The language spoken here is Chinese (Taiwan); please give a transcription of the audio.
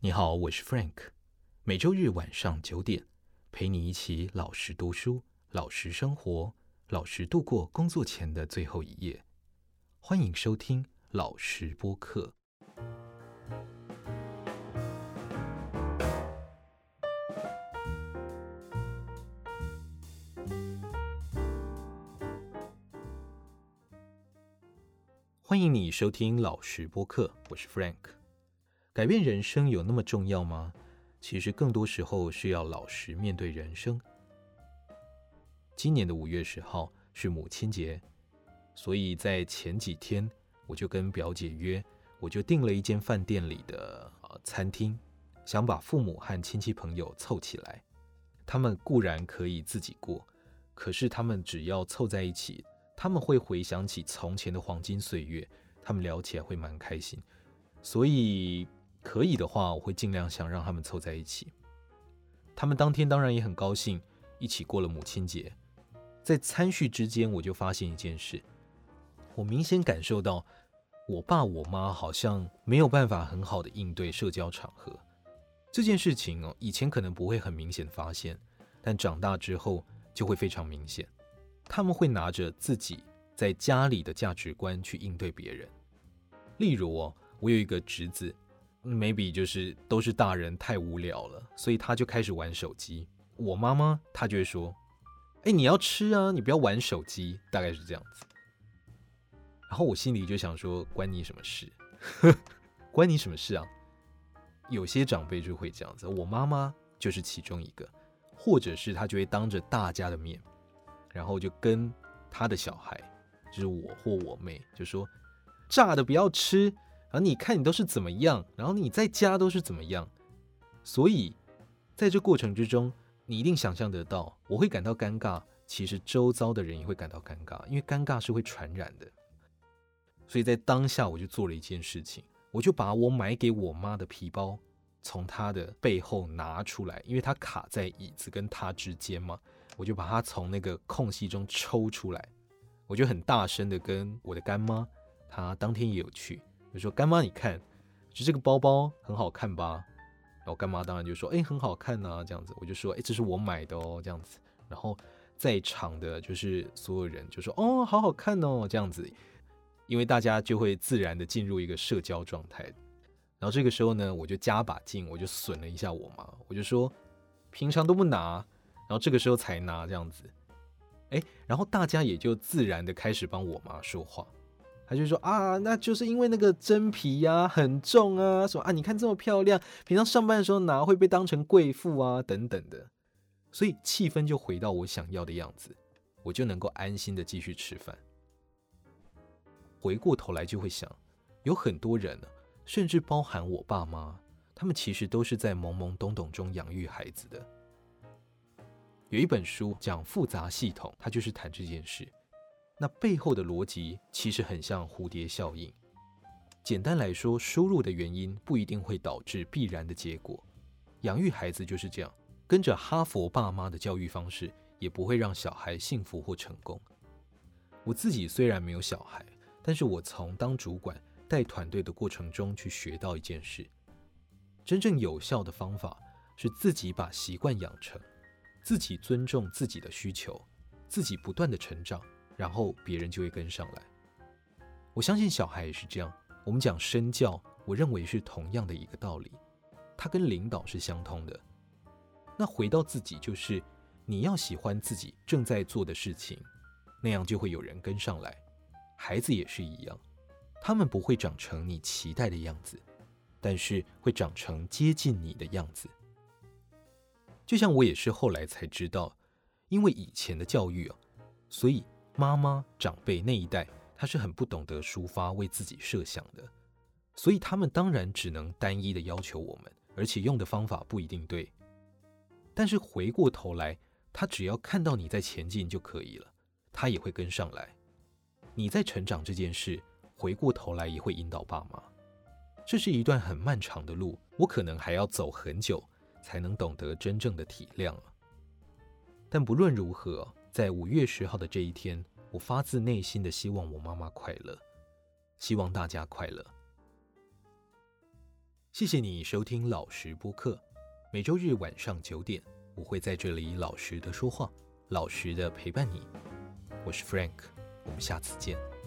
你好，我是 Frank，每週日晚上九點，陪你一起老實讀書、老實生活、老實度過工作前的最後一夜。歡迎收聽老實播客。歡迎你收聽老實播客，我是 Frank。改變人生有那麼重要嗎？其實更多時候是要老實面對人生。今年的五月十號是母親節，所以在前幾天我就跟表姐約，我就訂了一間飯店裡的呃餐廳，想把父母和親戚朋友湊起來。他們固然可以自己過，可是他們只要湊在一起，他們會回想起從前的黃金歲月，他們聊起來會蠻開心，所以，可以的話，我會盡量想讓他們湊在一起。他們當天當然也很高興，一起過了母親節。在餐敘之間，我就發現一件事，我明顯感受到我爸我媽好像沒有辦法很好的應對社交場合。這件事情哦，以前可能不會很明顯發現，但長大之後就會非常明顯。他們會拿着自己在家裡的價值觀去應對別人。例如哦，我有一個侄子。maybe 就是都是大人太無聊了，所以他就開始玩手機。我媽媽她就會說，哎、欸，你要吃啊，你不要玩手機，大概是這樣子。然後我心裡就想說，關你什麼事？ 關你什麼事啊？有些長輩就會這樣子，我媽媽就是其中一個，或者是她就會當着大家的面，然後就跟她的小孩，就是我或我妹，就說炸的不要吃。而你看，你都是怎麼樣？然後你在家都是怎麼樣？所以，在這過程之中，你一定想象得到，我會感到尷尬。其實周遭的人也會感到尷尬，因為尷尬是會傳染的。所以在當下，我就做了一件事情，我就把我買給我媽的皮包從她的背後拿出來，因為她卡在椅子跟她之間嘛，我就把它從那個空隙中抽出來。我就很大聲的跟我的乾媽，她當天也有去，就說乾媽你看，就這個包包很好看吧。然後乾媽當然就說，哎，很好看吶，這樣子。我就說，哎，這是我買的哦，這樣子。然後在場的就是所有人就說，哦，好好看哦，這樣子。因為大家就會自然的進入一個社交狀態。然後這個時候呢，我就加把勁，我就損了一下我媽，我就說平常都不拿，然後這個時候才拿這樣子。哎，然後大家也就自然的開始幫我媽說話。他就說啊，那就是因為那個真皮呀，啊、很重啊，說啊，你看這麼漂亮，平常上班的時候哪會被當成貴婦啊等等的，所以氣氛就回到我想要的樣子，我就能夠安心的繼續吃飯。回過頭來就會想，有很多人，甚至包含我爸媽，他們其實都是在懵懵懂懂中養育孩子的。有一本書講複雜系統，它就是談這件事。那背後的邏輯其實很像蝴蝶效應。簡單來說，輸入的原因不一定會導致必然的結果。養育孩子就是這樣，跟着哈佛爸媽的教育方式，也不會讓小孩幸福或成功。我自己雖然沒有小孩，但是我從當主管帶團隊的過程中去學到一件事：真正有效的方法是自己把習慣養成，自己尊重自己的需求，自己不斷的成長。然後別人就會跟上來，我相信小孩也是這樣。我們講身教，我認為是同樣的一個道理，它跟領導是相通的。那回到自己，就是你要喜歡自己正在做的事情，那樣就會有人跟上來。孩子也是一樣，他們不會長成你期待的樣子，但是會長成接近你的樣子。就像我也是後來才知道，因為以前的教育啊，所以。媽媽、長輩那一代，他是很不懂得抒發、為自己設想的，所以他們當然只能單一的要求我們，而且用的方法不一定對。但是回過頭來，他只要看到你在前進就可以了，他也會跟上來。你在成長這件事，回過頭來也會引導爸媽。這是一段很漫長的路，我可能還要走很久才能懂得真正的體諒了。但不論如何。在五月十號的這一天，我發自內心的希望我媽媽快樂，希望大家快樂。謝謝你收聽老實播客，每周日晚上九點，我會在這裡老實的說話，老實的陪伴你。我是 Frank，我們下次見。